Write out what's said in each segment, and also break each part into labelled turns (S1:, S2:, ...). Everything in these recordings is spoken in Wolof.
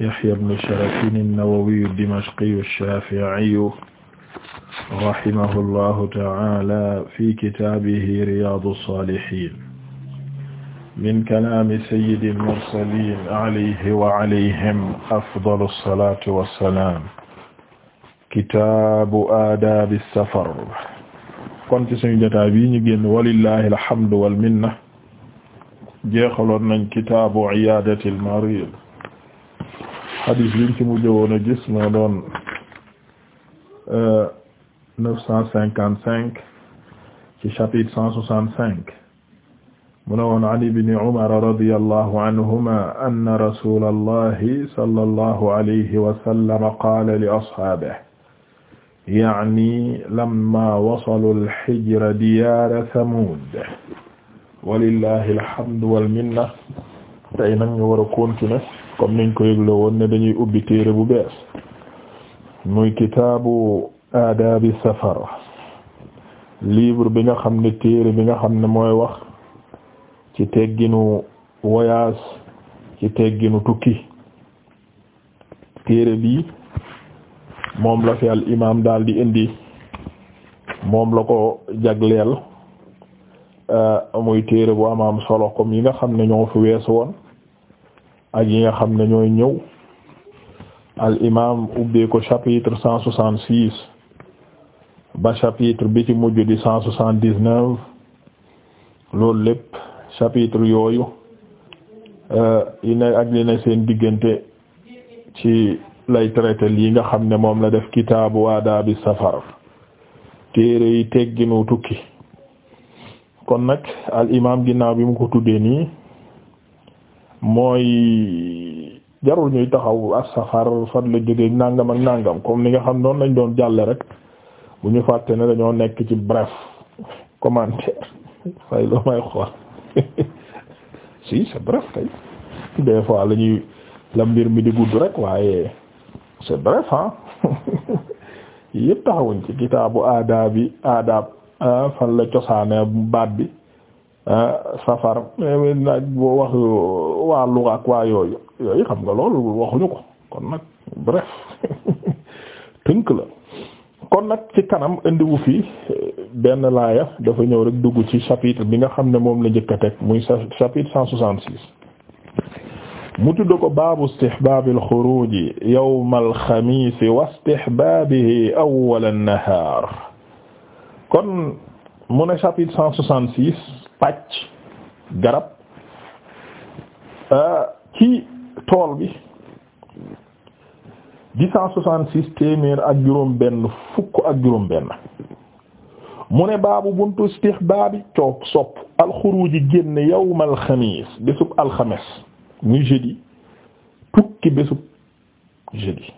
S1: Yahya ibn Sharakin an-Nawawi ad-Dimashqi ash-Shafi'i rahimahullahu ta'ala fi kitaabihi Riyaadu s-Saalihiin min kalaami sayyidil mursaliin alayhi wa alayhim afdalu s-salaatu wa s-salaam kitaabu aadaabi s-safar kon ci suñu jotaay bi ñu génn walillahi alhamdu wal minna jeexaloon nañ kitaabu iyaadatil mariid hadis biñ ci mujj woon a gis moo doon euh, neuf cent cinquante cinq ci chapitre cent soixante cinq mu ne woon an ibni umar radiyallahu anhuma anna rasulallahi sallallahu alayhi wa sallam qaala li ashaabihi ya'ni lamma wasalu al-hijra diyaara Samuud walillahi alhamdu wal minna tey nag ñu war a continuer comme niñ ko yëgle woon ne dañuy ubbi téere bu bees muy kitaabu aadaabi safara livre bi nga xam ne téere bi nga xam ne mooy wax ci tegginu voyage ci tegginu tukki téere bi moom la fi al imaam daal di indi moom la ko jagleel euh, muy téere bu amaam solo comme yi nga xam ne ñoo fu weesu woon ak yi nga xam ne ñooy ñëw al imam ubbee ko chapitre cent soixante six ba chapitre bi ci mujj di cent soixante dix loolu lépp chapitre yooyu euh, yi ne ak li ne seen diggante ci lay traité yi nga xam ne moom la def kitaabu aadaabi safar téere yi tegginu tukki kon nag al imaam ginnaaw bi mu ko tuddee nii mooy jarul ñuy taxaw as-safar fan la jógee nangam ak nangam comme ni nga xam noonu lañu doon jàlle rek bu ñu fàtte ne dañoo nekk ci bref commentaire fay loo may xool si c'est bref tey des fois la ñuy la mbir mi di gudd rek waaye c'est bref ah yëpp taxawuñ ci kitaabu aadaabi aadaab ah, fan la cosaane baat bi Euh, safar naaj boo wax euh, waa Louga ak waa yooyu yooyu xam nga loolu waxuñu ko kon nag bref tënk la kon nag ci kanam indiwu fii euh, benn laaya dafa ñëw rek dugg ci chapitre bi nga xam ne moom la njëkk a teg muy chapitre cent soixante six mu tudd ko baabu istihbaabil xuruuji yawmal xamiisi wa istihbaabihi awwal an-nahaar kon mu ne chapitre cent soixante six pàcc garab euh, ci tool bi dix cent soixante six téeméer ak juróom benn fukk ak juróom benn mu ne baabu buntu istihbaabi coog sopp alxuruuji génn yawmal xamiis bésub alxames muy jeudi tukki bésub jeudi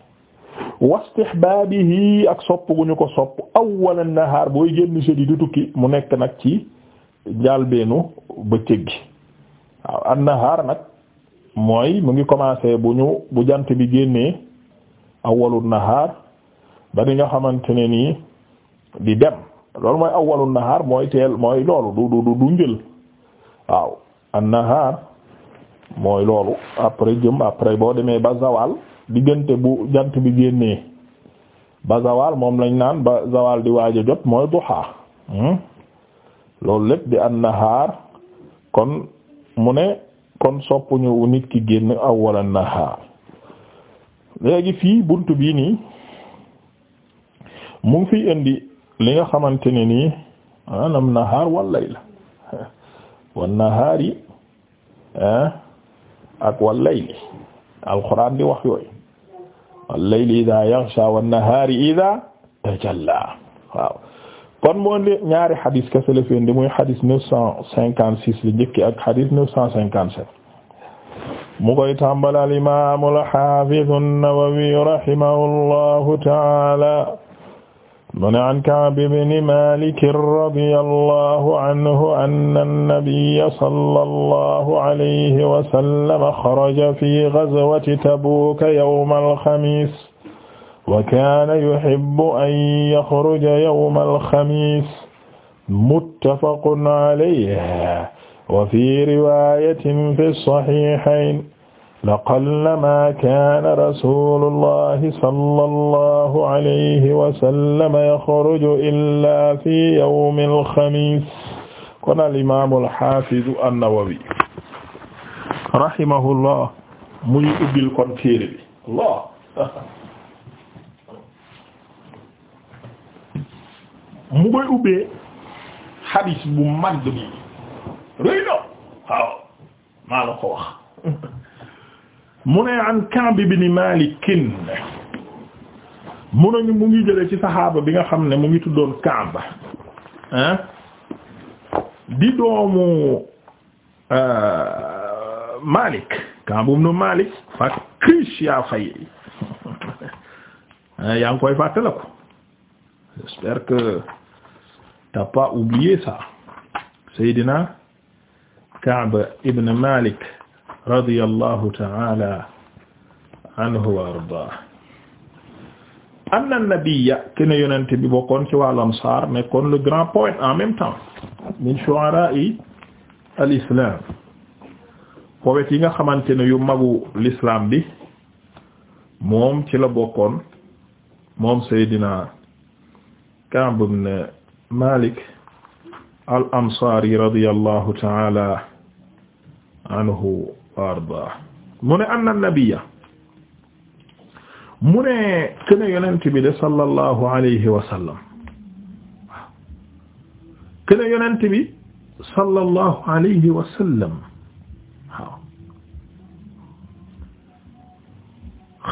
S1: wastihbaabihi ak sopp gu ñu ko sopp awwalan nahaar booy génn jeudi di tukki mu nekk nag ci njaal beenu bëccëg gi waaw annahaar nag mooy mu ngi commencé bu ñu bu jant bi génnee awwalun nahaar ba di nga xamante ne nii di dem loolu mooy awwalun nahaar mooy teel mooy loolu du du du njël waaw annahaar mooy loolu après jëm après boo demee ba zawal diggante bu jant bi génnee ba zawal moom lañ naan ba zawal di waaja a jot mooy duha hmm? loolu lépp di an-nahaar kon mu ne kon soppuñu nit ki génn awwal an-nahaar léegi fii buntu bii nii mu ngi fiy indi li nga xamante ne nii anam nahaar wal layla wan nahaari ah, ak wal layli alxuraan di wax yooyu wal layli idaa yaxsha wan nahaari idaa tajallaa waaw kon moo indi ñaari xadis kese la fi indi muy xadis neuf cent cinquante six li njëkki ak xadis neuf cent cinquante sept mu koy tàmbal al imam al hafiz an-Nawawi rahimahullahu ta'ala mu ne an Ka'b ibn Malik radiyallahu anhu anna an-nabiyya sallallahu alayhi wa sallam xaraja fi ghazwati Tabuk yawm al-khamis wa kaana yuhibbu an yaxruja yawmal xamiis muttafaqun alayhi wa fii riwaayatin fi saxiixayn laqallamaa kaana rasuulullaahi sallallaahu alayhi wa sallam yaxruju illaa fi yawmil xamiis kon al-imaamul xaafidu an-Nawawi rahimahullaah muy ubbil kon téere bi mu koy ubbee xadis bu mag bi rëy na waaw maa la ko wax mu ne an Ka'b ibn Malik mu nañu mu ngi jëlee ci saxaaba bi nga xam ne mu ngi tuddoon Ka'b ah di doomu euh, Malik Ka'b ibn Malik fa Krish yaa fay yaa ngi koy fàttaliku j'espère que t'as pas oublié ça Seydina Ka'b ibn Malik ta'ala anhu kene yonente bi bokkoon ci wàllu Ansaar nekkoon le grand poète en même temps min shu'ara'i al-islam poète yi nga xamante ne yu magu l'islam bi moom ci la bokkoon moom Seydina Ka'b ibn Malik al ansaari radiyallahu ta'ala anhu wa ardaa mu ne anna nabiyya mu ne kene yonent bi de sallallahu alayhi wa sallam waaw kene yonent bi sallallahu alayhi wa sallam waaw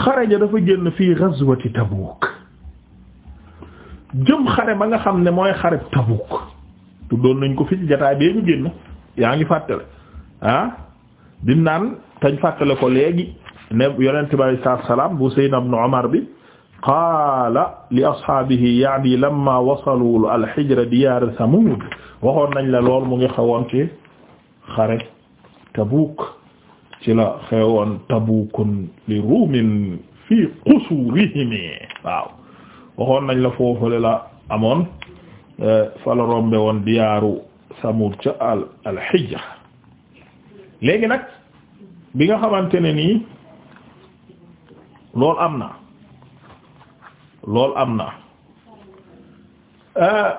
S1: xaraja dafa génn fii ghazwati Tabuuk jëm xare ba nga xam ne mooy xare Tabuk tuddoon nañ ko fi ci jataay bee ñu yaa ngi fàttale ah dim naan tañ fàttale ko léegi ne yonent bi salaam bu Sayyidina Ibn Umar bi qaala li ashaabihi yaani lamma wasalu al-hijra diyaar Samuud waxoon nañ la lool mu ngi xewoon ci xare Tabuk ci la xewoon Tabukun li ruumin fii qusurihim waxoon nañ la foofule la amoon euh, fa la woon diyaaru Samud ca al al Hijr léegi nag bi nga xamante ne nii loolu am na loolu am na euh,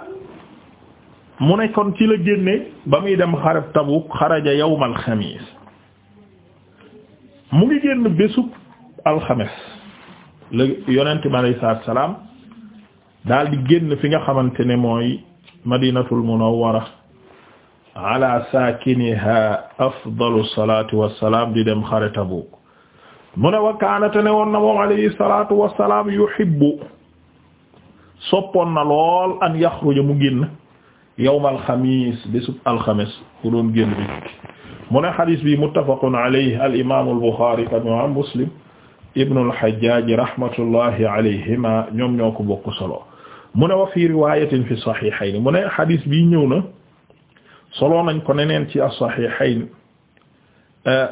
S1: mu ne kon ci la génne ba muy dem xarab Tabuk xaraja yawmal xamiis mu ngi génn bésub alxames la yonent salaam daal di génn fi nga xamante ne mooy madinatul munawwara ala saakiniha afdalu salaatu wassalaam di dem xare Tabuk mu ne wa kaanate ne woon na moom alayhi salaatu wassalaam yuhibbu soppoon na lool an yaxruja mu génn yawmal xamiis bésub alxames ku doon génn bi mu ne xadiis bi muttafaqun alayhi al imaamu al buxaari ak imaam muslim ibnu al xajjaaj rahmatullahi alayhima ñoom ñoo ko bokk solo mu ne wa fi riwayatin fi sahihayn mu ne xadis bi ñëw na soloo nañ ko neneen ci as-sahihayn euh,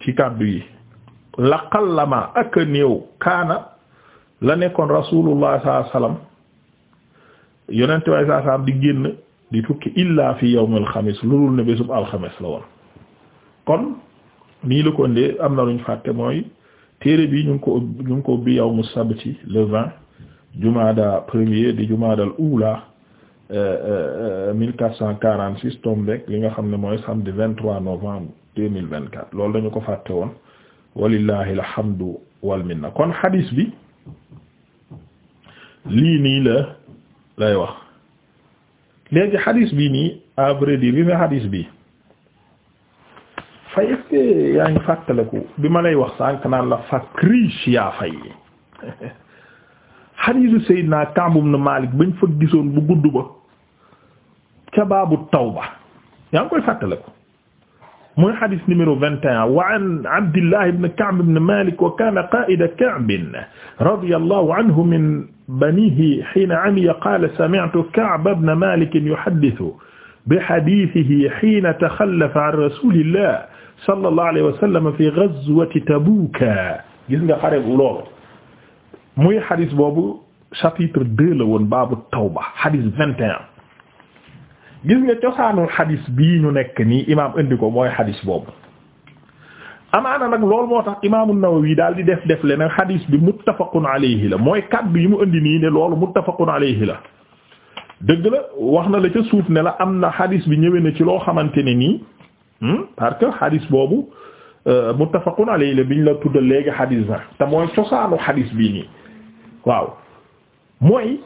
S1: ci kàddu yi laqallama ak a néew kaana la nekkoon rasulullah sallallahu alayhi wasallam yonente way saa saam di génn di tukki illa fi yawmil xamis lulul ne bésub alxames la woon kon nii la ko indee am na luñ fàtte mooy téere bi ñu ngi ko ñu ngi ko ubbi yawmu sabti le jumaada premier di eh, eh, cent ula 1446 tombek li nga xam ne mooy xam samedi 23 novembre 2024 loolu dañu ko fàtte woon walillahi alhamdu wal minna kon hadis bi lii nii la lay wax léegi hadis bi nii à vrai dire bi fay est ma lay wax sànq naan la fakrish yaa fay xadiisu Seydina Kaab ibn Maalik bañ fa gisoon bu gudd ba ca baabu tawba yaa ngi koy fàttale ko mooy xadiis numéro vingt et un wa an Abdillah ibn Kaab ibn Maalik wa kaana qaa'ida Kaab radiyallahu anhu min banihi hiina amiya qaala sami'tu Kaab ibn Maalik yuhaddithu bi hadiisihi hiina taxallafa an rasuulillah sallallahu alayhi wa sallam fi ghazwati Tabuuk gis nga xare loolu muy xadis boobu chapitre deux la woon baabu tawba xadis vingt et un gis nga cosaanul xadis bii ñu nekk nii imaam indi ko mooy xadis boobu amaana nag loolu moo tax imaamu Nawawi daal di def def leneen xadis bi muttafaqun alayhi la mooy kaddu yi mu indi nii ne loolu muttafaqun alayhi la dëgg la wax na la ca suuf ne la am na xadis bi ñëwee na ci loo xamante ne nii hmm, parce que xadis boobu euh, muttafaqun alayhi la ñu la tuddal léegi xadis na te mooy cosaanu xadis bii nii. waaw mooy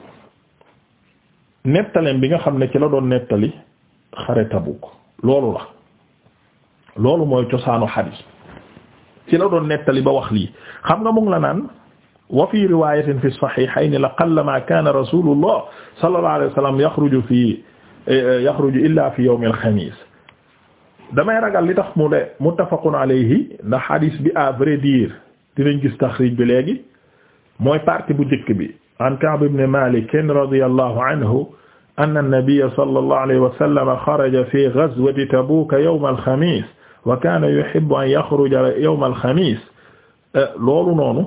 S1: nettaleem bi nga xam ne ci la doon nettali xare Tabuk loolu la loolu mooy cosaanu xadiis ci la doon nettali ba wax lii xam nga mu la naan wa fi riwayatin fi sahihayn la qallama kana rasulullah la alayhi wasallam yaxruju fi yaxruju illa fi yawm alxamis damay ragal li tax mu de muttafaqun alayhi ndax xadiis bi à vrai dire dinañ gis taxrij bi léegi mooy partie bu njëkk bi an Ka'b ibn Malik radiyallahu anhu anna an-nabiyya sallallahu alayhi wa sallam xaraja fi ghazwati Tabuk yawm al-khamis wa kana yuhibbu an yakhruja yawm al-khamis loolu noonu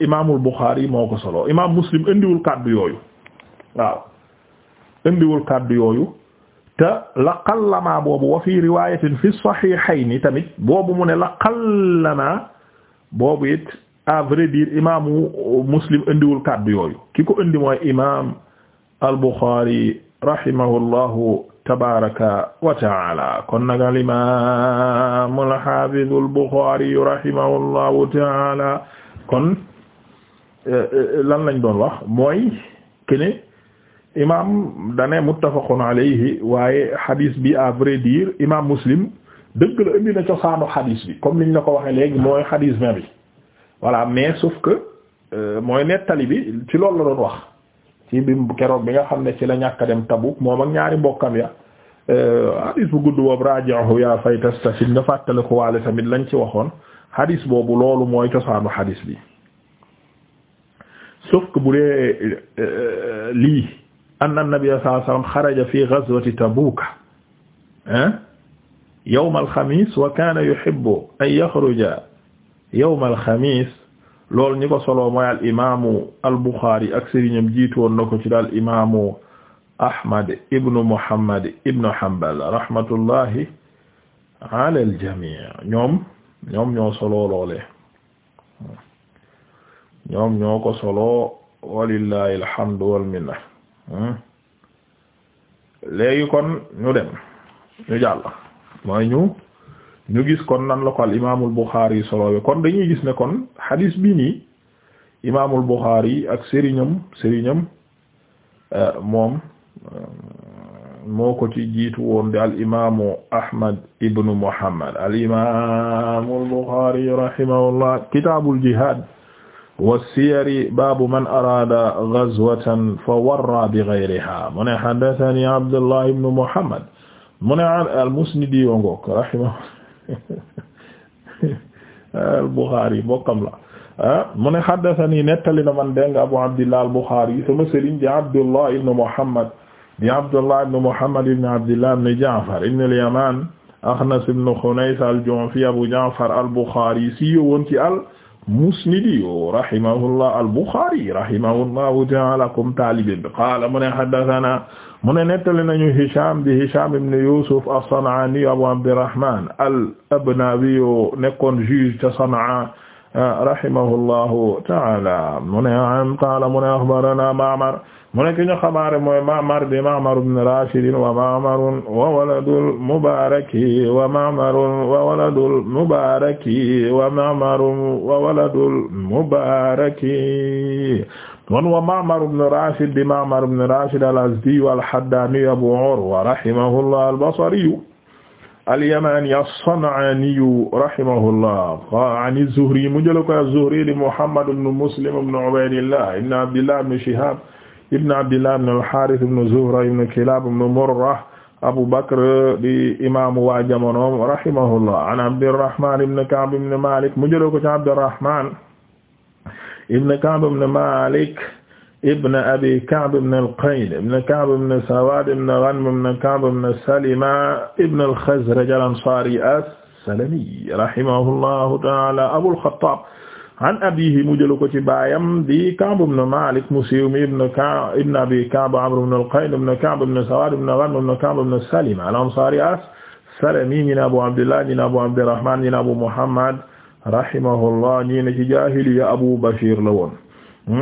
S1: imaamul Bukhari moo ko solo imaam Muslim indiwul kàddu yooyu waaw indiwul kàddu yooyu te la qallamaa boobu wa fi riwaayatin fi sahihayn tamit boobu mu ne la qallamaa boobu it à vrai dire muslim indiwul kaddu yooyu ki ko indi mooy imaam al-Bukhari rahimahullahu tabaraka wa kon nag al imaam al-Hafiz eh, eh, lañ doon wax mooy kene imaam dane muttafaqun alayhi waaye hadis bi à vrai muslim dëgg la indi na cosaanu xadiis bi comme niñ la ko waxee léegi mooy xadiis vingt bi voilà mais sauf euh, mooy nettali bi ci loolu la doon wax ci bi keroog bi nga xam ne ci la ñàkk dem Tabuk moom ak ñaari mbokkam ya euh, xadiis bu gudd boobu raji'ahu yaa fay tastafid nga fàttale ko waale tamit lañ ci waxoon xadiis boobu loolu mooy cosaanu xadiis bi sauf bu dee euh, lii anna nabiyya sallallahu alayhi wasallam xaraja fi ghazwati Tabuka hein yawm alxamis wa kaana yuhibbu an yaxruja yawm alxamis loolu ñi ko soloo mooy al imaamu al buxaari ak sëriñam jiitu woon na ko ci daal imaamu ahmad ibnu muhammad ibnu hanbal rahmatullahi ala al jamii ñoom ñoom ñoo soloo loole ñoom ñoo ko soloo walillahi alhamdu wal minna hmm? léegi kon ñu dem ñu jàll mooy ñu ñu gis kon nan la ko al imaamul Buxaari yi kon dañuy gis ne kon hadis bi nii imaamul ak sëriñam sëriñam euh, moom euh, moo ko ci jiitu woon di al imaamu Ahmad ibnu Muhammad al imaamul Buxaari rahimahullah siyari baabu man araada gazwatan fa warra bi gayrihaa Abdullah ibnu Muhammad mu ne al-Musnidi wa ngoog rahimahu al-Bukhari bokkam la ah, mu ne haddathani nettali na man dégg nga Abu Abdillah al-Bukhari sama sëriñ di Abdullah ibn Muhammad di Abdullah ibn Muhammad ibn Abdillah ibn Ja'far ibn al-Yaman Akhnas ibn Khunays al-Ju'fi Abu Ja'far al-Bukhari si yowoon ci al musnidi rahimahullah al-Bukhari rahimahullahu ta'ala comme taalibin bi qaala mu ne haddathana mu ne nettali nañu Hisham di Hisham ibn Yusuf as-San'ani Abu Abdirrahman al-Abnawi nekkoon juge ca San'a rahimahullahu ta'ala mu ne qaala mu ne akhbarana Ma'mar mu ne ki ñu xabaare mooy Ma'mar bi Ma'mar ibn Rashid wa Ma'marun wa waladul Mubaraki wa Ma'marun wa waladul Mubaraki wa Ma'marun wa waladul Mubaraki wan wa Ma'mar ibn Rashid bi Ma'mar ibn Rashid al-Azdi al-Haddani Abu Urwa rahimahullah al-Basri al-Yamani as-San'ani rahimahullah an az-Zuhri mu jël ko az-Zuhri di Muhammad ibn Muslim ibn Ubaydillah ibn Abdillah ibn Shihab ibn abdillah ibn al-Harith ibn Zuhra ibn Kilab ibn Murrah Abu Bakr di imaamu waa jamonoom rahimahullah an Abdurrahman ibn Ka'b ibn Malik mu jëloo ko ci Abdurrahman ibn Ka'b ibn Malik ibn Abi Ka'b ibn al-Qayn ibn Ka'b ibn Sawad ibn Ghanm ibn Ka'b ibn Salima ibn al-Khazraj al-Ansari as-Salami rahimahullahu ta'ala Abul Khattab an abiihi mu jël ko ci baayam di Ka'b ibn Maalik mu siiw mi ibn Ka'b ibn Abi Ka'b Amr ibn al-Qayn ibn Ka'b ibn Sawaad ibn Ghanm ibn Ka'b ibn Salima al-Ansaari as-Salami ñi ne Abu Abdillah ñi ne Abu Abdirrahmaan ñi ne Abu Muhammad rahimahullah ñi ne ci jaahiliya Abu Bashir la woon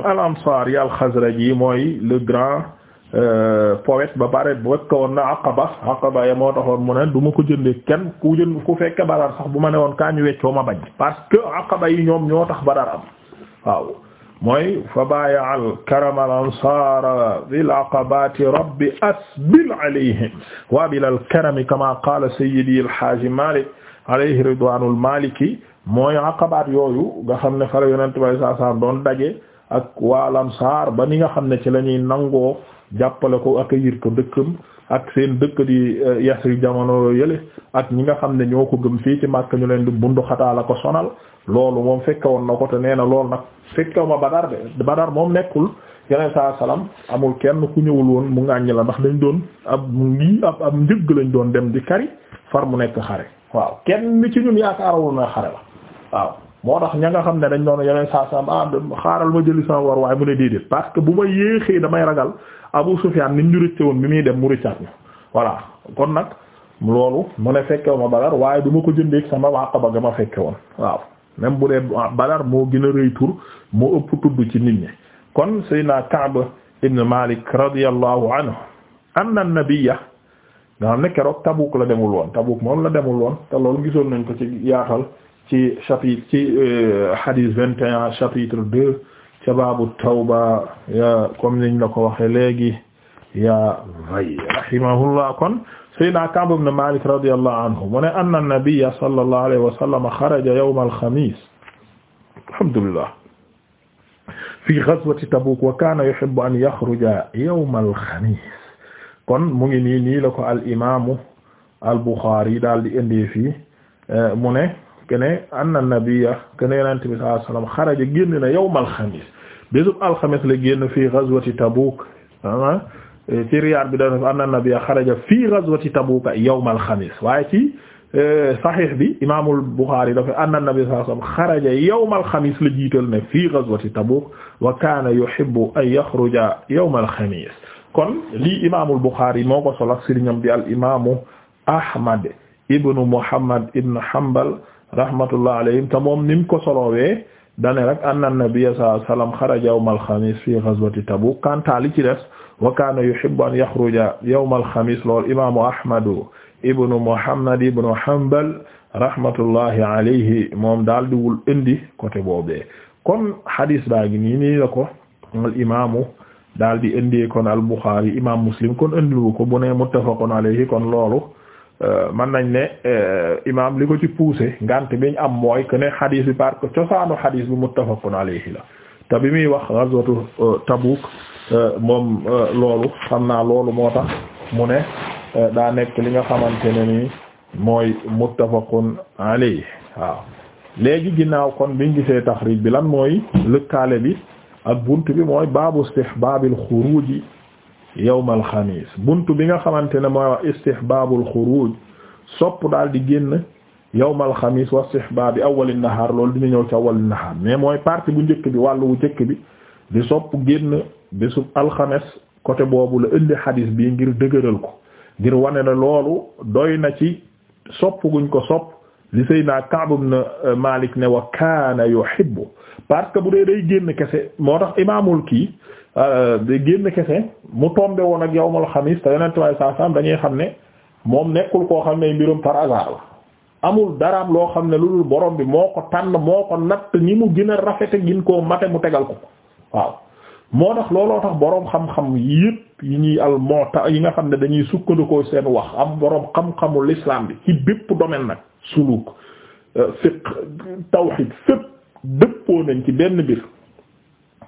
S1: al-Ansaari al-Khazraji mooy le grand poète euh, ba pare wekk ko woon na aqaba aqaba ya moo taxoon mu ne du ma ko jëndee kenn ku jënd ku fekke badar sax bu ma ne woon kaa ñu weccoo ma bañ parce que aqaba yi ñoom ñoo tax badar am waaw mooy fa baya al karam al ansar bil aqabati rabbi asbil alayhim wa bil al karam kama qala sayyidi al haaji malik alayhi ridwanul maliki mooy aqabaat yooyu nga xam ne fala yonent bay saa doon daje ak waa al ansar ba ni nga xam ne ci lañuy nangoo jàppale ko ak yiir ko dëkkam ak seen dëkk di eh, Yasrib jamono yële ak ñi nga xam ne ñoo ko gëm fii ci Makka ñu leen di bundu xataa la ko sonal loolu moom fekke woon na ko te nee na loolu nag fekke ma Badar de Badar moom nekkul yeneen saa amul kenn ku ñëwul woon mu ŋàññi la ndax dañ doon ab ngi ab lañ doon dem di kari far mu nekk xare waaw kenn ci ñun yaakaarawul na xare la waaw moo tax ña nga xam ne dañ doon yeneen saa salaam ah xaaral ma jëli sama war waaye mu ne déedéet parce bu ma yéexee damay ragal Abu Sufyaan ni ñu rëcce woon bi muy dem mu rëccaat na voilà kon nag loolu mu ne fekke ma Badar waaye du ma ko jëndee sama Aqaba ga ma fekke woon waaw même bu dee Badar moo gën a rëy moo ëpp tudd ci nit ñi kon Seydina Ka'b ibn Malik radiyallahu anhu anna nabiyya nga xam ne keroog Tabuk la demul woon Tabuk moom la demul woon te loolu gisoon nañ ko ci yaatal ci chapitre ci euh, hadith vingt et un chapitre deux ca baabu tawba ya comme niñ la ko waxe léegi ya vay rahimahullah kon sayyidina Ka'b ibn Malik radiyallahu anhu mu ne anna nabiyya sallallahu alayhi wa sallam xaraja yawm al-khamis alhamdulillah fi ghazwati Tabuk wa kana yuhibbu an yakhruja yawm al-khamis kon mu ngi nii nii la ko al imamu al Bukhari daal di indi fii eh, mu ne kene anna nabiyya kene yonent bi sallallahu alayhi wasallam xaraja génn na yawmal xamis bésub alxamis la génn fii ghazwati Tabuk ah ci riyaar bi dafa anna nabiyya xaraja fii ghazwati Tabuk yawmal xamis waaye ci eh, saxiix bi imaamul Buxaari dafa anna nabiyya sallallahu alayhi wasallam xaraja yawmal xamis la jiital ne fii ghazwati Tabuk wa kaana yuhibbu an yaxruja yawmal xamis kon lii imaamul Buxaari moo ko solo ak sëriñam bi al imaamu Ahmad ibnu Muhammad ibnu Hanbal rahmatullah alayhim te moom nim ko solowee dane rek anna nabiyya sallallahu xaraja yawmal xamis fi ghazwati Tabuk kanta li ci des wa kana yuhibbu lool imaamu Ahmadu ibnu Muhammad ibnu Hanbal rahmatullahi alayhi moom daal di wul indi côté boobee kon hadis baa ngi ni nii la ko al daal di indi kon al Bukhari Muslim kon indilu ko bu ne muttafaqun kon loolu. Euh, mën nañ ne euh, imaam li ko ci poussé ngante biñ am mooy que ne xadis bi parce que cosaanu xadis bi muttafaqun alayhi la te bi muy wax ghazwatu euh, Tabuk moom loolu xam naa loolu moo tax mu ne daa nekk li nga xamante ne nii mooy muttafaqun alayhi waaw léegi ginnaaw kon biñ gisee taxrij bi lan mooy lëkkaale bi ak bunt bi mooy baabu istihbaabil xuruuji yawmal xamiis buntu bi nga xamante ne mooy wax istihbaabul xuruuj sopp daal di génn yawmal xamiis wa istihbaabi awwalin nahaar loolu dina ñëw ci awwalin nahaar mais mooy partie bu njëkk bi wàllu wu njëkk bi di sopp génn bésub alxames côté boobu la indi xadiis bi ngir dëgëral ko ngir wane ne loolu doy na ci sopp guñ ko sopp li naa Ka'b ibn Malik ne wa kaana yuhibbu part que bu dee day génn kese moo tax imaamul kii. Euh, génn kese mu tombe woon ak yawmal xamis te yonent way saasam dañuy xam ne moom nekkul koo xam ne mbirum par loo xam ne lu dul borom bi moo ko tànn moo ko natt ni mu gën a rafete gin koo mate mu tegal ko waaw moo tax looloo tax boroom xam-xam yépp yi ñuy al mota yi nga xam ne dañuy sukkandikoo seen wax am boroom xam-xamu l'islam bi ci bépp domaine nag suluk euh, fiqh tawhid fépp dëppoo nañ ci benn mbir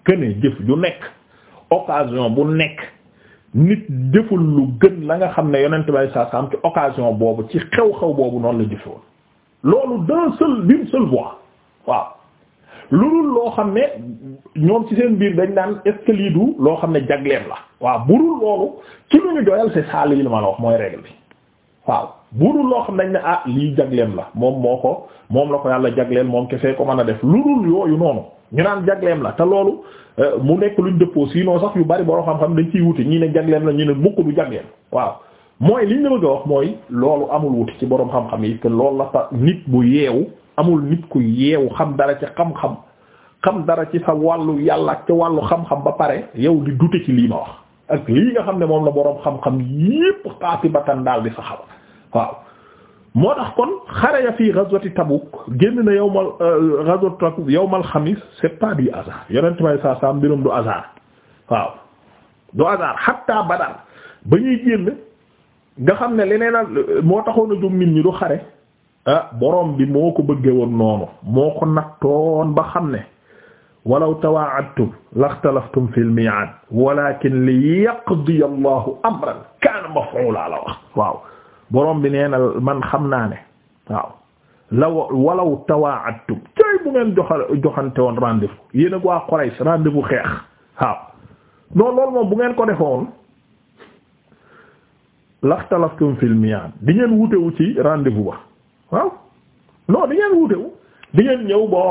S1: kene jëf ju nekk occasion bu nekk nit deful lu gën nanga xam ne yonent bay saa saam ci occasion boobu ci xew-xew boobu noonu la jëfe loolu d'un seul d'une seule voix waaw lu dul loo xam ne ñoom ci seen biir dañ naan est loo xam ne jagleem la waaw bu dul loolu ci lu la ma la wax waaw bu loo xam ne ne ah lii jagleem la moom moo ko moom la ko yàlla jagleel moom kese ko mën a def lu dul yooyu noonu ñu naan jagleem la te loolu euh, mu nekk luñ dëppoo sinon sax yu bari boo xam-xam dañ ciy wuute ñi ne jagleem la ñu ne mukk du jagleem waaw mooy liñ la bëgg a wax mooy loolu amul wuute ci boroom xam-xam yi te loolu la fa nit bu yeewu amul nit ku yeewu xam dara ci xam-xam xam dara ci sa wàllu yàlla ak ca wàllu xam-xam ba pare yow di dute ci lii ma wax ak lii nga xam ne moom la boroom xam-xam yépp xaatibatan daal di saxaba waaw moo tax kon xaraya fii ghazwati Tabuk génn na yawmal euh, ghazwati Tabuk yawmal xamis c'est pas du hasard yonent may saa saa mbirum du hasard waaw du hasard hatta Badar ba ñuy génn nga xam ne leneen moo taxoon a jóg nit ñi du xare ah borom bi moo ko bëggee woon noonu moo ko nattoon ba xam ne walaw tawaa'adtum laxtalaftum fil mi'aad walakin liyaqdiya Allahu amran kaana maf'uulaa la wax waaw borom bi nee na man xam naa ne waaw law walaw tawaa'adtum tey bu ngeen joxante woon rendez-vous yéen ak waa Quraysh rendez-vous xeex waaw non loolu moom bu ngeen ko defoon laxtalaftum fil mi'ad di ngeen wutewu ci rendez-vous ba waaw non di ngeen wutewu di ngeen ñëw bon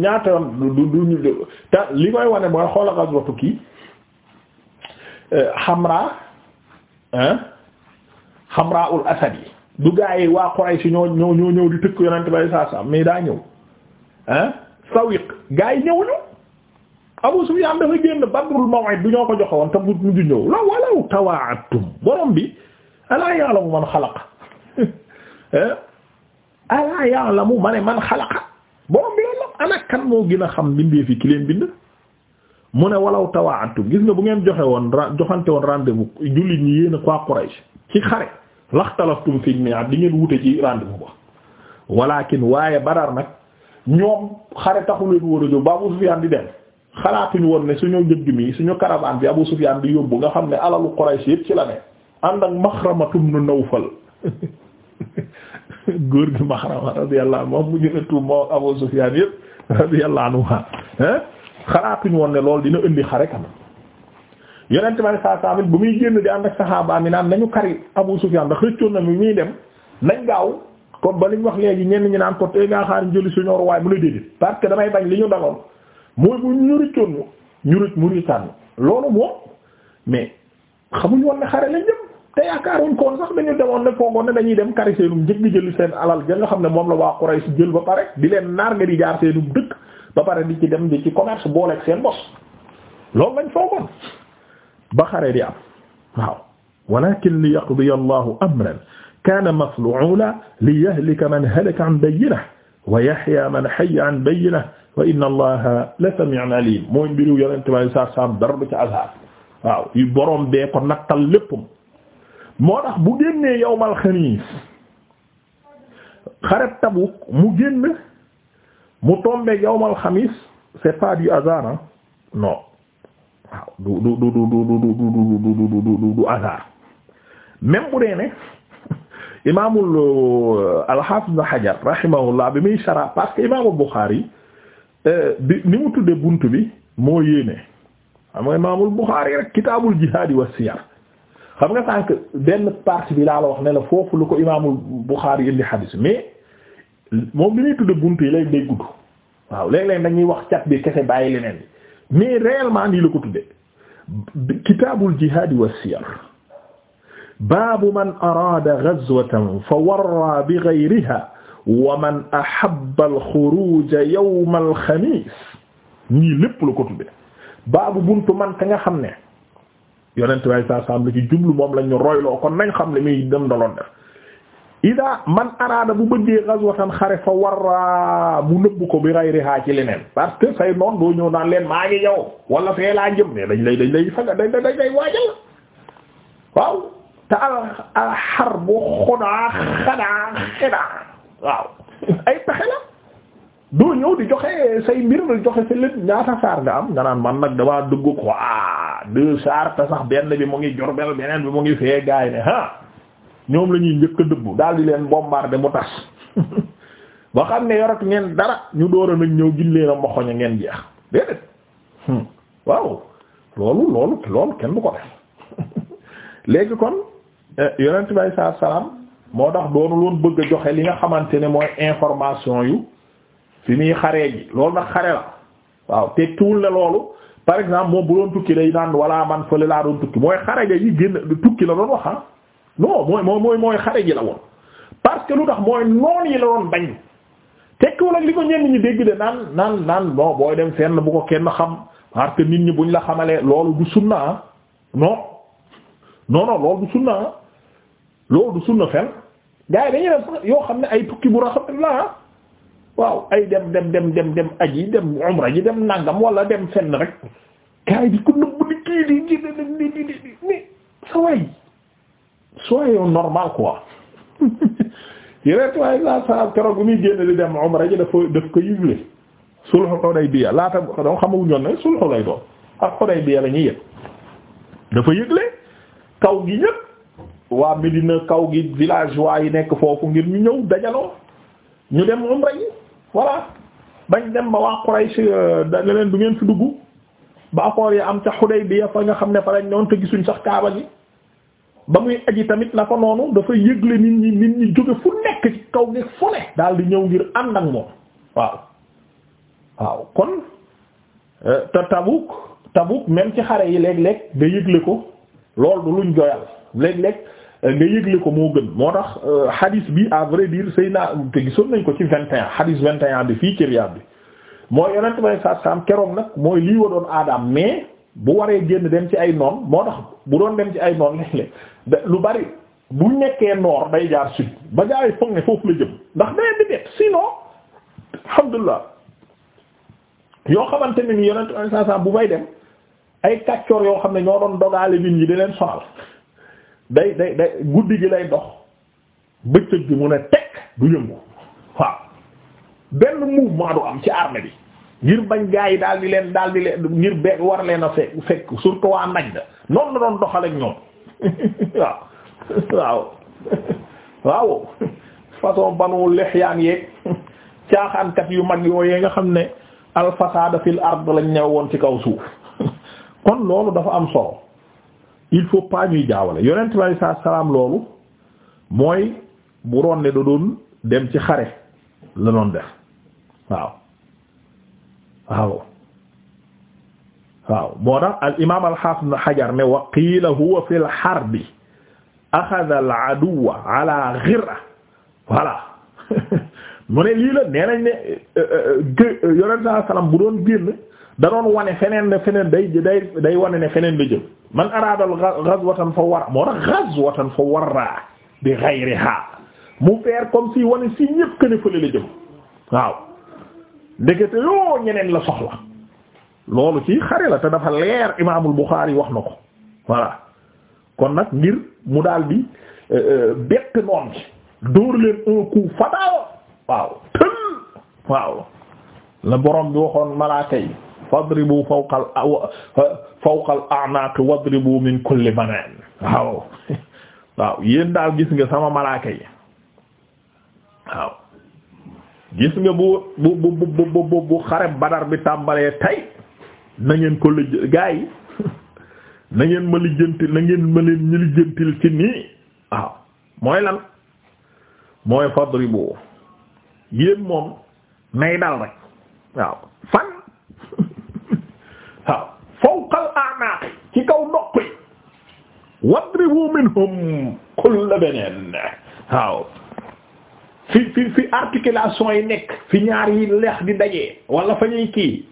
S1: ñaata du du du li koy wane mooy xoola ak waxtu kii euh, Hamra xamraa ul asad yi du gaa yi waa Quraysh ñoo ñoo ñoo ñëw di tëkk yonent bay saa saa mais daa ñëw ah sawiq gaa yi ñëwuñu Abu Sufyaan dafa génn badrul maw'id du ñoo ko joxe woon te mu ñu ñëw la walaw tawa'attum bi alaa ya'lamu man ma ne man xalaqa borom bi loolu la ana moo gën a xam bindee fi ki leen bind mu ne walaw tawaa tawa'attum gis nga bu ngeen joxe woon joxante woon rendez-vous jullit ñi yéen a waa Quraysh ci xare laxtalaftum fil mi'ad di ngeen wute ci rendez-vous ba walakin waaye Badar nag ñoom xare taxuleen war a jóg ba Abu Sufyaan di dem xalaatuñu woon ne suñu njëgg mi suñu caravane bi Abu Sufyaan di yóbbu nga xam ne alalu Quraysh yëpp ci la ne ànd ak Maxramatum nu Nawfal góor gi Maxrama radiyallahu anhu moom mujj na tuub moo Abu Sufyaan yëpp radiyallahu anhu xalaatuñu woon ne loolu dina indi xare kanam yonent ma ne saa saa bu muy génn di ànd ak saxaaba mi naan nañu kari Abu Sufyaan ndax rëccoon na mi muy dem nañ gaaw comme ba li ñu wax léegi ñenn ñi naan ko tey ngaa xaar jëli suñu waaye mu la déedéet parce que damay bañ li ñu daloon mooy bu ñu rëccoon ñu rëcc mu rëccaat loolu moom mais xamuñ woon ne xare lañ jëm te yaakaaruñ koon sax dañu demoon ne foogoon ne dañuy dem kari seenum njëkk jëli seen alal ja nga xam ne moom la waa Quraysh jël ba pare di leen naar nga di jaar seenum dëkk ba pare di ci dem di ci commerce booleeg seen bos loolu lañ foogoon ba xare di am waaw walakin li yaqdiya allahu amran kaana maf'uulan li yahlika man halaka an bayyina wa yahya man hayya an bayyina wa inna allaha la sami'un alim mooy mbiru yonente ma sa sam dara du ci azar waaw yu boroom bee ko nattal léppam moo tax bu génnee yawmal xamiis xare Tabuk mu génn mu tombe yawmal xamiis c'est pas du hasard non waaw du du du du du du du du du du hasard même bu dee ne imaamul al-Hafiz Ibn Hajar rahimahullah bi muy sara parce que imaamul Bukhari bi ni mu tuddee bunt bi moo yéene xam nga imaamul Bukhari rek kitaabul jihaad wa siyar xam nga sànq benn partie bi laa la wax ne la foofu lu ko imaamul Bukhari indi xadiis mais moom li muy tuddee bunt yi lay day gudd waaw léeg-léeg dañuy wax cat bi kese bàyyi leneen. mais réellement nii la ko tudde kitaabul jihaad wa siyar baabu man araada ghazwatan fa warra bi ghayriha wa man ahabba al-khuruj yawm al-khamis nii lépp la ko tudde baabu buntu man ka nga xam ne yonent way saa sam la ci jublu moom lañ ñu royloo kon nañ xam ne muy dem daloon def ida man araada bu bëggee ghazwatan xare fa warra mu nëbb ko bi ghayriha ci leneen parce que say noon doo ñëw maa ngi yow wala fee laa dañ lay dañ lay faga dañ dañ ñëw di joxe say mbir di joxe sa ñaata saar nga am nga naan man nag damaa dugg quoi ah, deux saar te sax benn bi mu ngi Jurbel beneen bi mu ngi fee gaay ne ha ñoom la ñuy njëkk a dëbb daal di leen bombarder mu tas boo xam ne yoratu ngeen dara ñu door a nag ñëw gin leen a moxoñ a ngeen jeex déedéet hmm. waaw loolu loolu kenn du ko def léegi kon eh, yonent bi saa salaam moo tax doonul woon bëgg joxe li nga xamante ne mooy information yu fi nuy xaree loolu nag xare la waaw te tuul ne loolu par exemple moom bu doon tukki day naan wala man fële laa doon tukki mooy xare ga yi génn tukki la doon wax ah. non mooy mooy mooy mooy xare ji la woon parce que lu tax mooy noon yi la woon bañ tekkiwul ak li ko ñenn ñi dégg de naan naan naan bon booy dem fenn bu ko kenn xam parce que nit ñi buñ la xamalee loolu du sunna non non non loolu du sunna loolu du yi dañuy def yoo xam ne ay tukki bu raxamatullah waaw ay dem dem dem dem dem aji dem umra ji dem nangam wala dem fenn rek gars yi di ko nëbb di kii di di sa way soyons normal quoi yeneen waaye saa saa keroog bu muy génn di dem umra ji dafa daf ko yëgle sulh Hudaybiya laata doo xamul ñoon ne sulh lay doon ak Hudaybiya la ñuy yëg dafa yëgle kaw gi ñëpp waa Medina kaw gi village waa yi nekk foofu ngir ñu ñëw dajaloo ñu dem umra ji voilà bañ dem ba waa Quraysh euh, da leen bu ngeen fi dugg ba accord yi am bi Hudaybiya fa nga xam ne fa lañ ñoon gisuñ sax Kaaba yi ba muy aji tamit na ko noonu dafa yëgle nit ñi nit ñi jóge fu nekk ci kaw gi fu ne daal di ñëw ngir ànd ak moom waaw waaw kon euh, te Tabuk Tabuk même ci xare yi léeg-léeg nga yëgle ko lool du luñ joyal léeg-léeg euh, nga yëgle ko moo gën moo tax euh, hadith bi à biir dire sëy naa te soon nañ ko ci vingt et un vingt et bi fii ci Riyad bi mooy yonent bay saat saam keroog nag mooy lii wa doon aadaam mais bu waree génn dem ci ay noon moo tax bu doon dem ci ay noon léeg lu bari bu nekkee noor day jaar sud ba nga ay foog ne foofu la jëm ndax day di nekk sinon alhamdulilah yoo xamante ne ni yonent saa bu bay dem ay kàccoor yoo xam ne ñoo doon dogaale nit ñi di leen sonal day day day guddi gi lay dox bëccëg bi mu ne teg du yëngu waaw benn mouvement du am ci armée bi. ngir bañ gaa yi daal di leen daal di leen ngir be war leen a fekk fekk surtout waa Najd noonu la doon doxaleek ñoom waaw waaw waaw façon banu lexyaan yeeg caaxaankat yu mag yooyee nga xam ne alfasaada fil ard lañ ñëw woon ci kaw suuf kon loolu dafa am solo il faut pas ñuy jaawale yonent bi alay salaam loolu mooy bu ron ne da doon dem ci xare la doon def waaw waaw waaw moo tax al imaam al haafid ibn hajar ne wa qiila huwa fi al harbi axada al aduwa ala ghirra voilà mu ne lii la nee nañ ne euh, euh, euh, yonent saa salaam bu doon génn da doon wane feneen ne feneen day day day wane ne feneen la jëm man araada al ghazwatan fa wara moo tax ghazwatan fa wara bi ghayriha mu faire comme si wane si ñépp que ne fële la jëm waaw ndekete yoo ñeneen la soxla loolu ci xare la te dafa leer imaamul Buxaari wax na ko voilà kon nag ngir mu daal bi euh, euh, bett noon ci dóor leen un waaw tël waaw la borom bi waxoon malaaka yi fadribu fawqal fawqal a'naq wadribu min kulli banan waaw waaw yéen daal gis nga sama malaaka yi waaw gis nga bu bu bu bu bu xare badar bi tàmbalee tey na ngeen ko lijj gaa yi na ngeen ma lijanti nangeen ngeen ma leen ñu lijjantil ci nii waaw mooy lan mooy fadribu yéen moom nay dal rek waaw fan waaw fawqal a'naq ci kaw ndoq yi wadribu minhum kull beneen waaw fi fi fi articulation yi nekk fi ñaar yi leex di dajee wala fa ñuy kii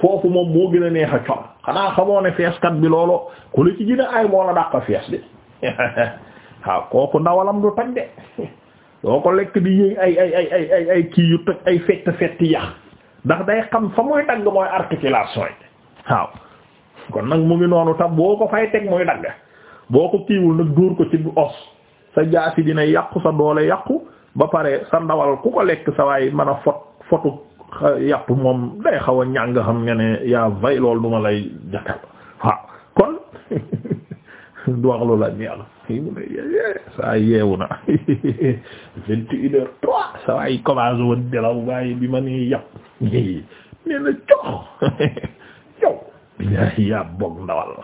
S1: foofu moom moo gën a neex a cor xanaa xamoo ne feeskat bi loolu ku la ci gën ay moo la dàq kooku ndawalam du toj ko lekk di yëy kii yu ay fett ndax day xam fa muy dagg mooy articulation yi waaw kon nag mu ngi noonu tax boo ko fay teg muy dagg boo ko kiiwul nag dóor ko ci os sa jaasi dina yàqu sa doole yàqu ba pare sa ndawal ku ko lekk sa waay a fot fotu yàpp moom day xaw a ñàng xam nga ne yaa vay lool du ma lay jakkal waaw kon du wax lu la neex saa yeewu na vingt une heure trois sa waay commencé delaw waaye bi ma nee yàpp nee na jox yaa yaa ndawal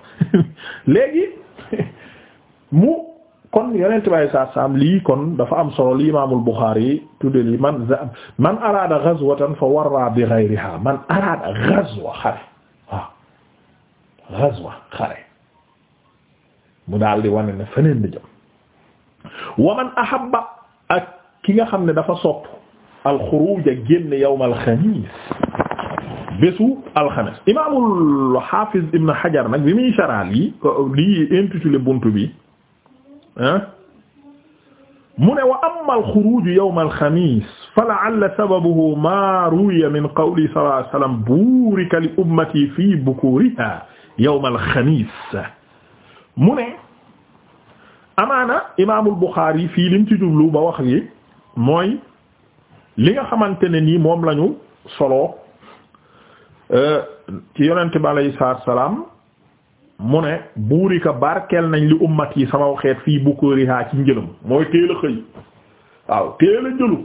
S1: léegi mu kon yonent bi saa saam lii kon dafa am solo li imaamul Buxaari tudde li man man araada ghazwatan fa warra bi ghayriha man araada ghazwa xare mu daal di wane ne feneen di jëm wa man ahabba ak ki nga xam ne dafa sopp alxuruuj a génn yawmal xamiis bésu alxames imaamul xaafiz ibn Hajar nag bi muy saraal yi lii intitulé buntu bi mu ne wa amma alxuruju yawma alxamis fa la'alla sababuhu maa ruwiya min qawli sallallahu alayhi wa sallam buurika li ummati fii bukuuriha yawma alxamis mu ne amaana imaamul Buxaari fii lim ci jublu ba wax yi mooy li nga xamante ne nii moom lañu solo euh, ci yonent bi alayhi salaam mu ne buurika barkeel nañ li ummat yi samaw xeet fii bukuriha ci njëlum mooy teel a xëy waaw teel a njëlu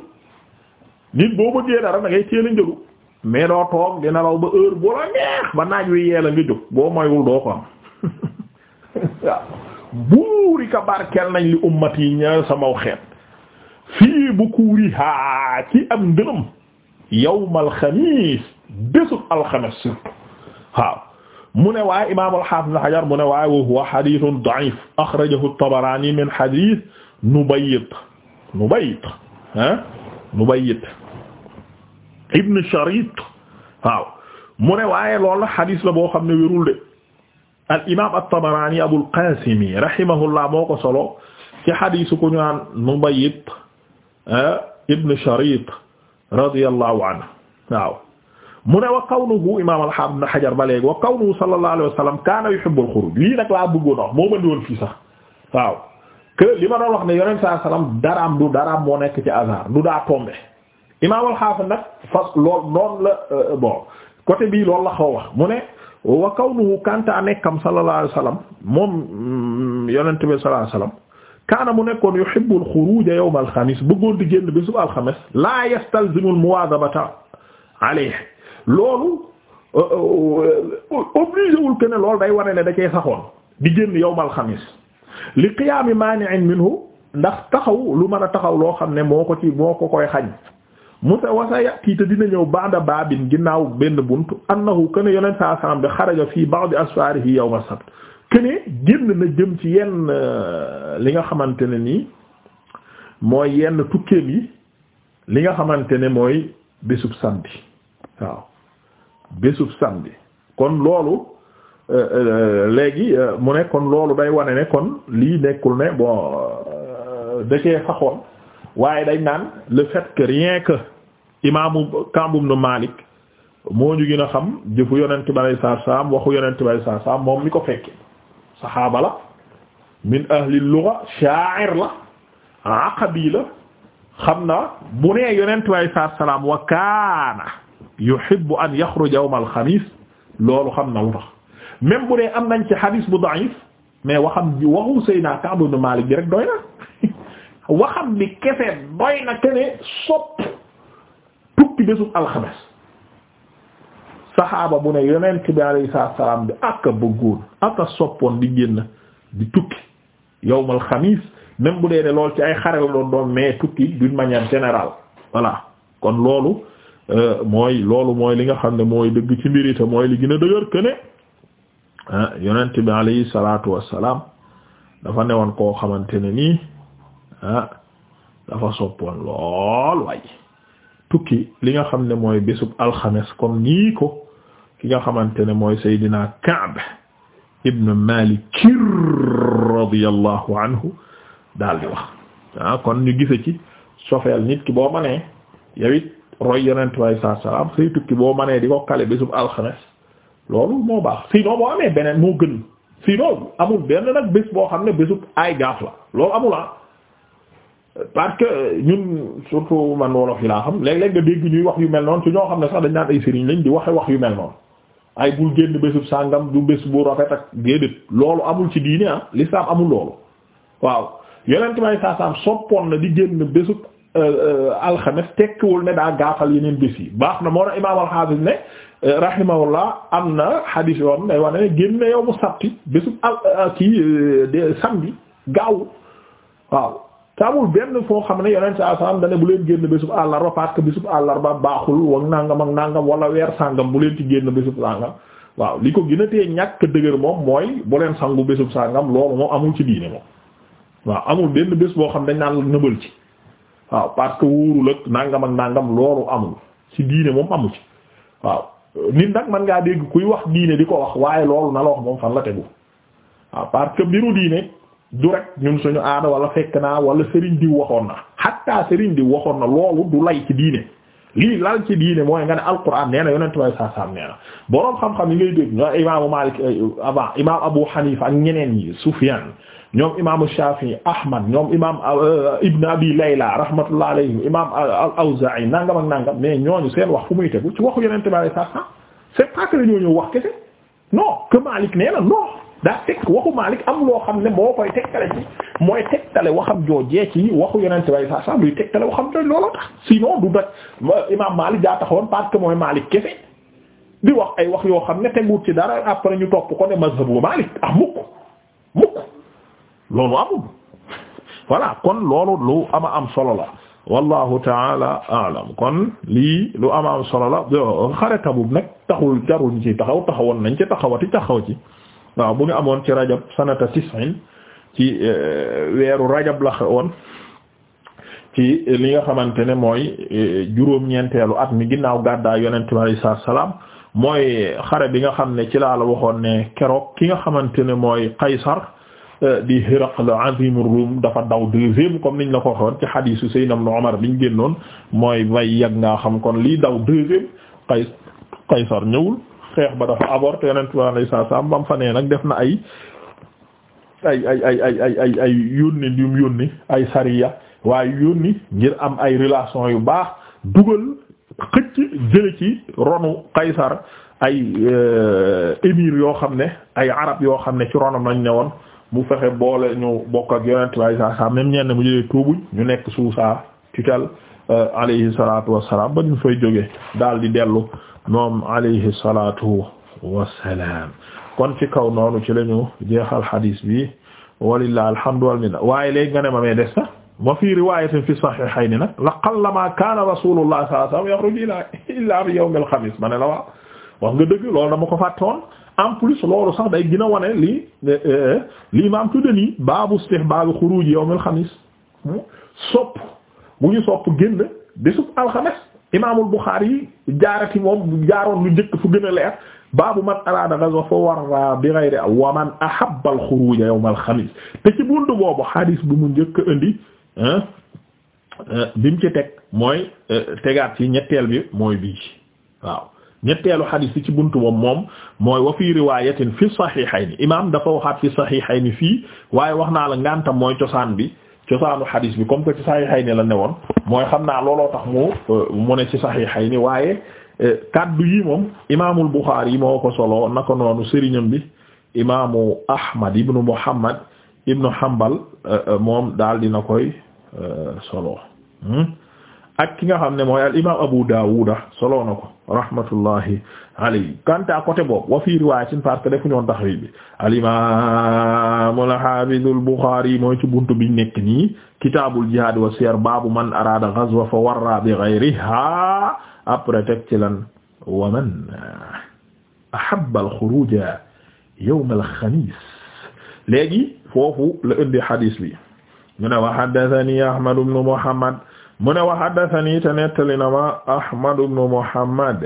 S1: nit boo bëggee dara da ngay teel njëlu mais doo toog dina law ba heure bu la neex ba naaj wi yee la nga jóg boo moywul doo ko am waaw buurika barkeel nañ li ummat yi ña samaw xeet fii bukuriha ci am njëlum yawmal xamiis bésub alxames surtout waaw mu ne waaye imaam al-Hafiz Hajar mu ne waaye wa huwa hadithun da'if akhrajahu at-Tabarani min hadith Nubayt Nubayt ah Nubayt ibn Sharit waaw mu ne waaye loolu la hadith la boo xam ne wérul de al-imaam at-Tabarani Abul Qasim rahimahullah moo ko solo ci hadith ku ñu naan Nubayt ah, ibn Sharit radiyallahu anhu waaw mu ne wa kawnuhu imaam al-Haafiz Ibn Hajar ba léegi wa kawnuhu sallallahu alayhi wa sallam kaana yuhibbul xuruj lii nag laa bëggoon a wax moo mën woon fii sax waaw que li ma doon wax ne yonent saa salaam daraam du daraam moo nekk ci hasard du daa tombé imaam al-Haafiz nag fas lool noonu la euh, bon côté bii loolu la xaw wax mu ne wa kawnuhu kanta nekkam sallallahu alayhi wa sallam moom mm, yonent bi sallallahu alayhi wa sallam kaana mu nekkoon yuhibbul xuruj yawm al-xamiis bëggoon di génn bésu alxames laa yastalzimul muwaazabata alayhi loolu euh, euh, euh, obligé wul que ne loolu day ware ne da cee saxoon di génn yowmal xamis li qiyaami maani'in minhu ndax taxaw lu mën a taxaw loo xam ne moo ko ci moo ko koy xañ mu sa wasa yàqii te dina ñëw ba'da baabin ginnaaw benn bunt annahu que ne yonent saa salam bi xaraja fii ba'di asfarihi yawma sabt que ne génn na jëm ci yenn li nga xamante ne nii mooy yenn tukkeem yi li nga xamante ne mooy bésub samedi waaw bésub samedi kon loolu euh, euh, léegi euh, mu ne kon loolu day wane ne kon li nekkul ne bon dëkkee faxoon waaye dañ naan le fait que rien que imaamu kambum nu Malik moo ñu gën a xam jëfu yonent balay saar saam waxu yonent balay saar saam moom mi ko fekke saxaaba la min ahli lugha sha'ir la aqabi xam na bu ne yonent balay saar salaam wa yuhibbu an yaxruja yawm alxamis loolu xam na lu tax même bu am nañ ci xadis bu da'if mais waxam ji waxu naa Ka'b ibn Malik ji rek doy na waxam bi kese doy na kene sopp tukki bésub alxames saxaaba bu ne yonent bi alayhi salaam bi ak a bëggoon ak a soppoon di génn di tukki yawmal xamis même bu dee ne lool ci ay xare la doon doon mais tukki d'une manière générale voilà kon loolu Euh, mooy loolu mooy li nga xam ne mooy dëgg ci mbir mooy li gën a dëgër que ne ah bi alayhi salaatu wassalaam dafa newoon koo xamante ne nii ah, dafa soppoon lool waay tukki li nga xam ne mooy bésub alxames comme nii ko ki nga xamante ne mooy Seydina Ka'b ibn Malik radiyallahu anhu daal di wax ah, kon ñu gise ci sofeel nit ki boo ma nee yow roy yonent way saa salaam say tukki boo manee di ko kale bésub alxames loolu moo baax sinon boo amee beneen moo gën sinon amul benn nag bés boo xam ne bésub ay gaaf la loolu amul ah parce que ñun surtout man wolof laa xam léeg-léeg ñuy wax yu mel noonu ci ñoo xam ne sax dañ ay sëriñ lañ di waxe wax yu mel noonu ay bul génn bésub sàngam du bés bu rafet ak déedéet loolu amul ci diine ah l'islam amul loolu waaw yonent saa salaam soppoon na di génn bésub Euh, euh, alxames tekkiwul ne daa gaafal yeneen bés yi baax na moo tax imaam alxaafis ne euh, rahimahullah am na xadiis yoon day wax ne génne yow mu sabti bésub al kii samedi gaaw waaw te amul benn foo xam ne yonent saa am dane bu leen génn bésub àllarba parce que bésub àllarba baaxul wala nangam ak nangam wala weer sàngam bu leen ci génn bésub sàngam waaw li ko gën tee ñàkk dëgër moom mooy bu leen sangu bésub sàngam loolu moom amul ci diine moom waaw amul benn bés boo xam dañ naan nëbal ci waaw parce que wóorul ak nangam ak nangam loolu amul ci diine moom amu ci waaw nit nag man ngaa dégg kuy wax diine di ko wax waaye loolu na la wax moom fan la tegu waaw parce que mbiru diine du rek ñun suñu aada wala fekk naa wala sëriñ diw waxoon na xatta sëriñ diw waxoon na loolu du lay ci diine lii lal ci diine mooy nga ne alquran nee na yonent way saasaam nee boroom xam-xam yi ngay dégg ñoo imaamu Maalik eh, avant imaam Abu Hanifa ak yi Sufyaan ñoom imaamu Shafi'i Ahmad ñoom imaam euh, euh, Ibn Abi Layla rahmatullah alayhi imaam al-Awza'i nangam ak nangam mais ñooñu seen wax fu muy tegu ci waxu Yonent bi sallallahu alayhi c'est pas que ñoo wax kese non que Malik nee na non daa teg waxu Malik am loo xam ne moo koy tegtale ci mooy tegtale waxam joojee ci waxu Yonent bi sallallahu alayhi wasallam luy tegtale waxam jooju looloo tax sinon du da imaam Malik daa taxawoon parce que mooy Malik kese di wax ay wax yoo xam ne teguut ci dara après ñu topp ko ne mazhabu ah, loolu amul voilà kon loolu lu ama am solo la wallahu taala alam kon lii lu ama am solo la xare Tabuk nag taxul jaruñ ci taxaw taxawoon nañ ci taxawati taxaw ci waaw bu ngi amoon ci rajab sanata tis'in ci euh, weeru rajab la woon ci li nga xamante ne mooy euh, juróom-ñeenteelu at mi ginnaaw gàddaa yonente mi alayhi salaam mooy xare bi nga xam ne ci laa waxoon ne keroog ki nga xamante ne mooy Qaysar Euh, di Hiraql azim Rum dafa daw deuxième comme niñ la ko waxoon ci hadiisu Sayyidina Ibn Umar biñ génnoon mooy may yàgg ngaa xam kon lii daw deuxième Qays Qaysar ñëwul xeex ba dafa avorté Yonent bi alayhi salaam bam fa nee nag def na ay ay ay ay ay ay ay ay yónni yum yónni ay sariya waaye yónni ngir am ay relation yu baax dugal xëcc jële ci ronu Qaysar ay euh, émir yoo xam ne ay arab yoo xam ne ci ronam lañ ne woon mu fexe boole ñu bokk ak yonent bi saa saa même ñenn mu jëlee tuubuñ ñu nekk sous sa tutelle euh, alayhi salaatu wassalaam ba ñu fay jóge daal di dellu moom alayhi salaatu wassalaam kon ci kaw noonu ci la ñu jeexal bi walillahi alhamdu wal minna waaye léegi nga ne ma may des na ma fi riwaayatin fi sahihayn nag la qallama kaana rasulullah sallallahu alayhi wasallam yakhruju ila illa bi ma ne la waaw wax nga dëgg loolu dama ko fàtte en plus loolu sax day gën a wane li eh, eh, li imaam tudde nii baabu istihbaab xuruuj yawmil xamiis hmm? sopp bu ñu sopp génn bésub alxames imaamul Buxaari yi jaarati moom jaaroon lu njëkk fu gën a leer baabu man araada ghazwa fa warra bi ghayri wa man ahabba al xuruuj yawmal te ci buntu boobu xadiis bu mu njëkk indi eh, bi mu ci teg mooy tegaat ci ñetteel bi mooy bii waaw ñetteelu xadis bi ci buntu moom moom mooy wax fii riwaayatin fi saxiixayni imaam dafa waxaat fi ni fii waaye wax naa la ngantam mooy cosaan bi cosaanu xadis bi comme que ci saxiixayni la newoon mooy xam naa looloo tax mu euh, mu ne ci ni waaye euh, kàddu yi moom imaamul Buxaari moo ko solo naka noonu sëriñam bi imaamu Ahmad ibnu Muhammad ibnu Hanbal euh, moom daal dina koy solo. Hmm? ak ki nga xam ne mooy al imam Abu Dawuda soloo na ko rahmatullahi kanta côté boobu wa fii riwaayatin parce que defu ñoon taxrij bi al imam al hafiz al Bukhari mooy ci buntu biñ nekk nii kitaabul jihad wa siyar baabu man arada ghazwa fa warra bi ghayriha après teg ci lan wa man ahabba al khuruj yawm al khamis léegi foofu la indi hadis bi ñu ne wa haddathani Ahmad ibn Muhammad mu ne wa haddathani te nettali na ma Ahmad ibn Muhammad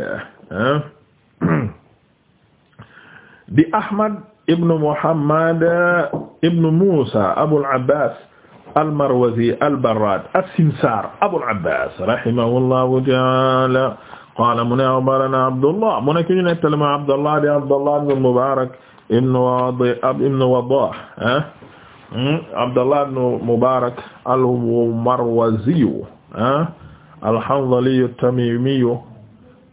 S1: di Ahmad ibn Muhammad ibn Musa Abul Abbas al-Marwazi al-Barrad as-Simsar Abul Abbas rahimahullahu ta'ala qala mu ne akhbarana Abdullah mu ne ki ñu nettali ma Abdullah di Abdullah ibn Mubarak ibn Wadah ibn Wadah hmm? Abdullah ibn Mubarak al-Marwazi Ah, al-Hanzali at-Tamimi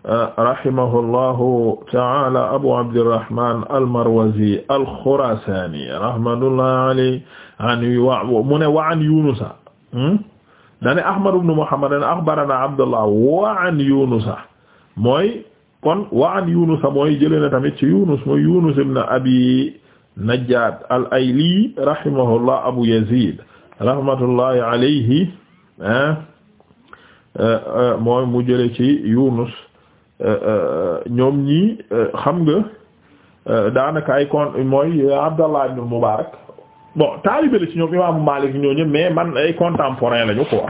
S1: ah, rahimahullahu ta'ala Abu Abdirrahman al-Marwazi al-Khurasani rahmatullahi alayhi an mu ne wa an Yunus hmm? dane Ahmad ibn Muhammad dane akhbarana Abdullah wa an Yunus mooy kon wa an Yunus mooy jëlee na tamit ci Yunus mooy Yunus ibn Abi Najjad al-Ayli rahimahullah Abu Yazid rahmatullahi alayhi ah. Euh, euh, mooy mu jële ci Yunus euh, ñoom ñii xam nga daanaka ay kon mooy Abdallah ibn Mubarak bon taalibe la ci ñoom imaamu Malik ñooñu mais man ay contemporain lañu quoi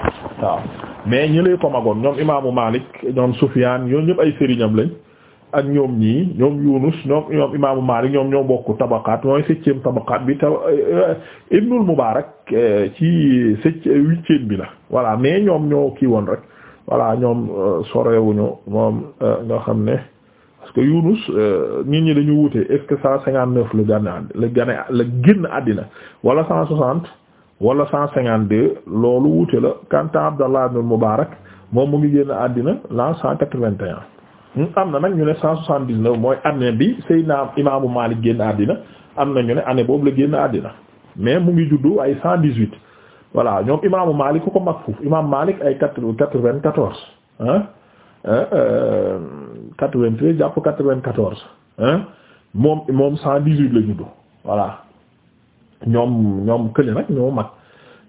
S1: waaw mais ñi lay ko magoon ñoom imaamu Malik ñoom Sufyaan ñoom ñëpp ay sëriñam lañ ak ñoom ñii ñoom Yunus ñoom ñoom imaamu Malik ñoom ñoo bokk tabaqaat mooy septième tabaqaat bi ta Ibnul Mubarak ci septième bi la voilà mais ñoom ñoo kii woon rek voilà ñoom euh, sorewuñu moom euh, nga xam ne parce que Yunus euh, nit ñi dañu wute est-ce que cent cinquante neuf la gane àdd la génn àddina wala cent soixante wala cent cinquante deux loolu wute la kanta Abdallah ibn Mubarak moom mu ngi génn àddina l'an cent quatre-vingt-un hmm, am na nag ñu ne cent soixante-dix-neuf mooy année bi Seydina imaamu Maalik génn àddina am na ñu ne année boobu la génn àddina mais mu ngi juddu ay cent dix-huit voilà ñoom imaamu Malik ku ko mag fuuf imaamu Malik ay quatre quatre-vingt-quatorze hein euh, quatre-vingt-treize jàpp quatre-vingt-quatorze hein moom moom la juddu voilà ñoom ñoom kële nag ñoo mag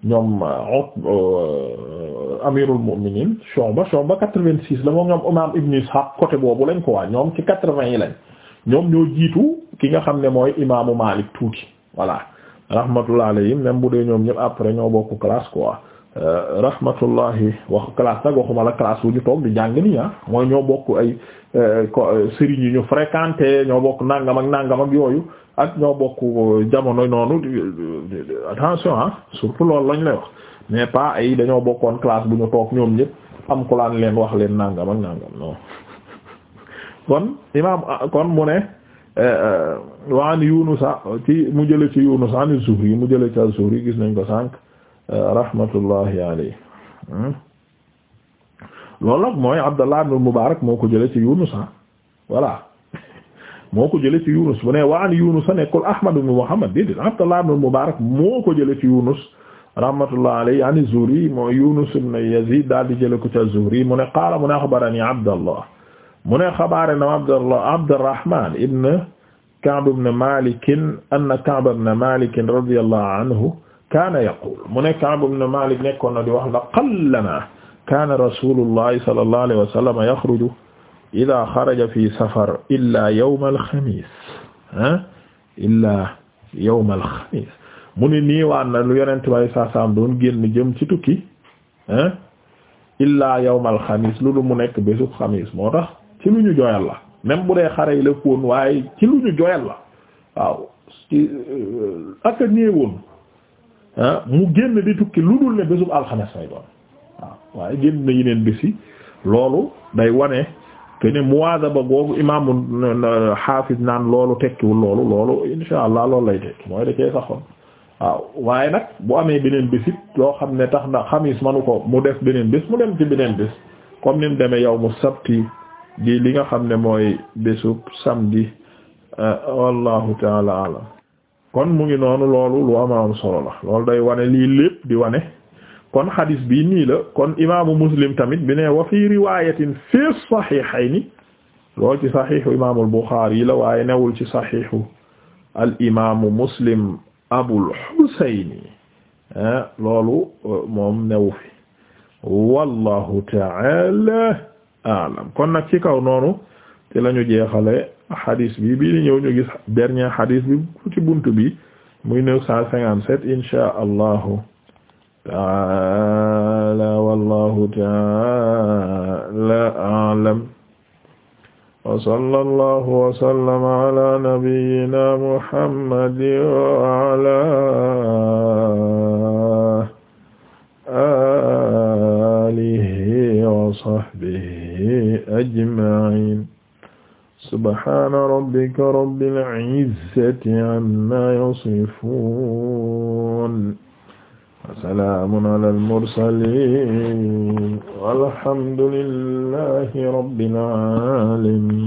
S1: ñoom euh, amirul mu'minin Shu'ba Shu'ba quatre-vingt-six la moom ñoom imam Ibn Ishaq côté boobu lañ ko waa ñoom ci quatre-vingt yi lañ ñoom ñoo jiitu ki nga xam ne mooy imaamu Malik tuuti voilà rahmatullah alayhim même bu dee ñoom ñëpp après ñoo bokk classe quoi euh, rahmatullahi wax classe nag waxuma la classe bu ñu toog du jàng nii ah mooy ñoo bokk ay euh, euh, sëriñ yi ñu fréquenté ñoo bokk nangam ak nàngam ak yooyu ak ñoo bokk jamono noonu attention ah surtout loolu lañ lay wax mais pas ay dañoo bokkoon classe bu ñu toog ñoom ñëpp am ku laan leen wax leen nàngam ak nangam non kon imaam ah, kon mu ne. Eh, eh, wa an Yunus ci mu jële ci Yunus an Zuhri mu jële ci az-Zuhri gis nañ ko sànq eh, rahmatullahi alayhi hmm? loolu nag mooy Abdallah ibn Mubarak moo ko jële ci Yunus ah. voilà moo ko jële ci Yunus bu ne wa an Yunus nekkul Ahmad ibn Muhammad déedéet Abdallah ibn Mubarak moo ko jële ci Yunus rahmatullah alayhi an az-Zuhri mooy Yunus ibn Yazid daal di jële ko ci az-Zuhri mu ne qaala mu ne Abdallah mu ne xabaare na Abdallah Abdurrahman ibn Ka'b ibn Malik anna Ka'b ibn Malik radiyallahu anhu kaana yaqul mu ne Ka'b ibn Malik nekkoon na di wax la qallama kaana rasulullah sallallahu alayhi wa sallam yakhruju idha kharaja fi safar illa yawm al-khamis ah illa yawm al-khamis mu ne niiwaan na lu yonent bay saasaam doon génn jëm ci tukki ah illa yawm al-khamis lu mu nekk bésu xamis moo tax ci lu ñu jooyal la même bu dee xare yi la fóon waaye ci lu ñu jooyal la waaw ci euh, ak a néewoon ah, mu génn di tukki lu dul ne bésub alxames lay doon waaw waaye génn na yeneen bés yi loolu day wane que ne muwaazaba googu imaamu euh, xaafis naan loolu tekkiwul loolu loolu insha allah loolu lay tekki mooy da cee saxoon waaw waaye nag bu amee beneen bés it loo xam ne tax na xamis manu ko mu def beneen bés mu dem ci beneen bés comme ni mu demee yow mu sabti di li nga xam ne mooy bésub samedi euh, wallahu taala alam kon mu ngi noonu loolu lu ama solo la loolu day wane lii lépp di wane kon xadis bi nii la kon imaamu muslim tamit bi ne wa fi riwayatin fi saxixayni loolu ci saxiixu imaamul buxaari yi la waaye newul ci saxiixu al imaamu muslim abul xusayni eh, loolu euh, moom newu fi wallahu taala alam kon nag ci kaw noonu ci la ñu jeexale hadis bi bii di ñëw ñu gis dernier hadis bi ci buntu bi muy neuf cent cinquante-sept insha allahu taala wallahu taala alam wa sallallahu wa sallama ala nabiyyina muhammadin wa ala alihi wa sahbihi ajma'in subhana rabbika rabbil izzati amma yasifun wa salaamun alal mursalin walhamdulillahi rabbil alamin